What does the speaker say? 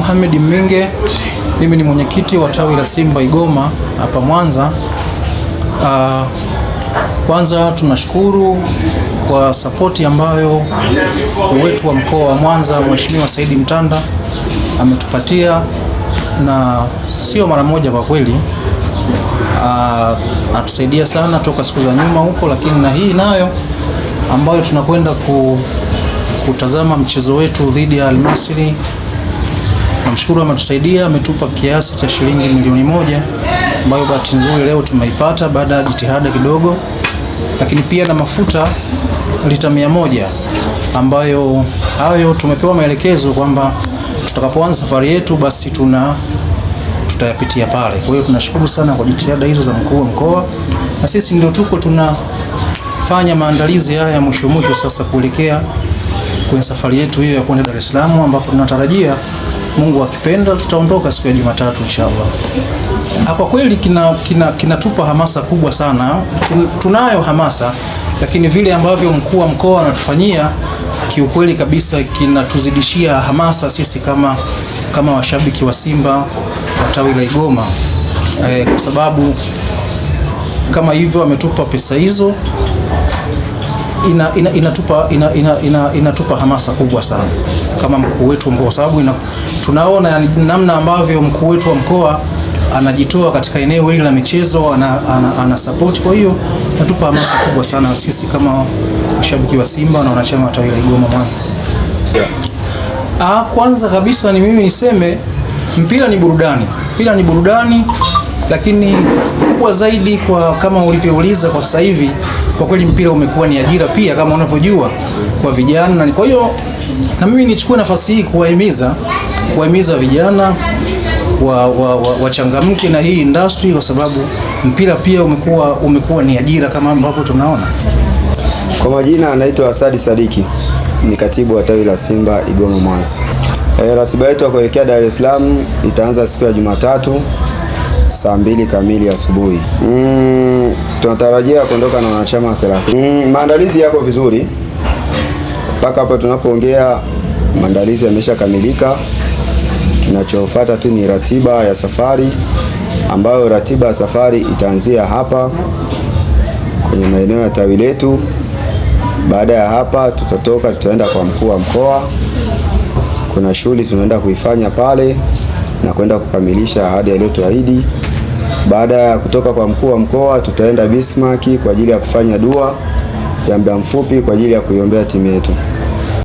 Mohamed Mwinge, mimi ni mwenyekiti wa tawi la Simba Igoma hapa Mwanza. Uh, kwanza tunashukuru kwa sapoti ambayo wetu wa mkoa wa Mwanza Mheshimiwa Saidi Mtanda ametupatia na sio mara moja kwa kweli. Uh, sana toka siku za nyuma huko, lakini na hii nayo ambayo tunakwenda ku, kutazama mchezo wetu dhidi ya Al masri Namshukuru ametusaidia, ametupa kiasi cha shilingi milioni moja ambayo bahati nzuri leo tumeipata baada ya jitihada kidogo, lakini pia na mafuta lita mia moja ambayo hayo tumepewa maelekezo kwamba tutakapoanza safari yetu basi tuna tutayapitia pale. Kwa hiyo tunashukuru sana kwa jitihada hizo za mkuu wa mkoa, na sisi ndio tuko tunafanya maandalizi haya ya mwisho mwisho sasa kuelekea kwenye safari yetu hiyo ya kwenda Dar es Salaam ambapo tunatarajia Mungu akipenda tutaondoka siku ya Jumatatu inshallah. Hapa ah, kweli kinatupa kina, kina hamasa kubwa sana. Tunayo hamasa lakini vile ambavyo mkuu wa mkoa anatufanyia kiukweli kabisa kinatuzidishia hamasa sisi kama, kama washabiki wa Simba wa tawi la Igoma e, kwa sababu kama hivyo ametupa pesa hizo ina, ina, inatupa, ina, ina, ina, inatupa hamasa kubwa sana kama mkuu wetu mkoa, kwa sababu tunaona namna ambavyo mkuu wetu wa mkoa anajitoa katika eneo hili la michezo, ana, ana, ana support. Kwa hiyo inatupa hamasa kubwa sana sisi kama mashabiki wa Simba na wanachama wa tawi la Igoma Mwanza. Ah, kwanza kabisa ni mimi niseme mpira ni burudani, mpira ni burudani, lakini kubwa zaidi kwa kama ulivyouliza, kwa sasa hivi kwa kweli mpira umekuwa ni ajira pia kama unavyojua kwa vijana. Kwa hiyo na mimi nichukue nafasi hii kuwahimiza kuwahimiza vijana wachangamke wa, wa, wa na hii industry kwa sababu mpira pia umekuwa umekuwa ni ajira kama ambavyo tunaona. Kwa majina anaitwa Asadi Sadiki, ni katibu wa tawi la Simba Igoma Mwanza. E, ratiba yetu ya kuelekea Dar es Salaam itaanza siku ya Jumatatu saa mbili kamili asubuhi. Mm, tunatarajia kuondoka na wanachama 30. Mm, maandalizi yako vizuri mpaka hapa tunapoongea, maandalizi yameshakamilika. Kinachofuata tu ni ratiba ya safari, ambayo ratiba ya safari itaanzia hapa kwenye maeneo ya tawi letu. Baada ya hapa, tutatoka tutaenda kwa mkuu wa mkoa, kuna shughuli tunaenda kuifanya pale na kwenda kukamilisha ahadi aliyotuahidi. Baada ya kutoka kwa mkuu wa mkoa, tutaenda Bismarck kwa ajili ya kufanya dua ya muda mfupi kwa ajili ya kuiombea timu yetu.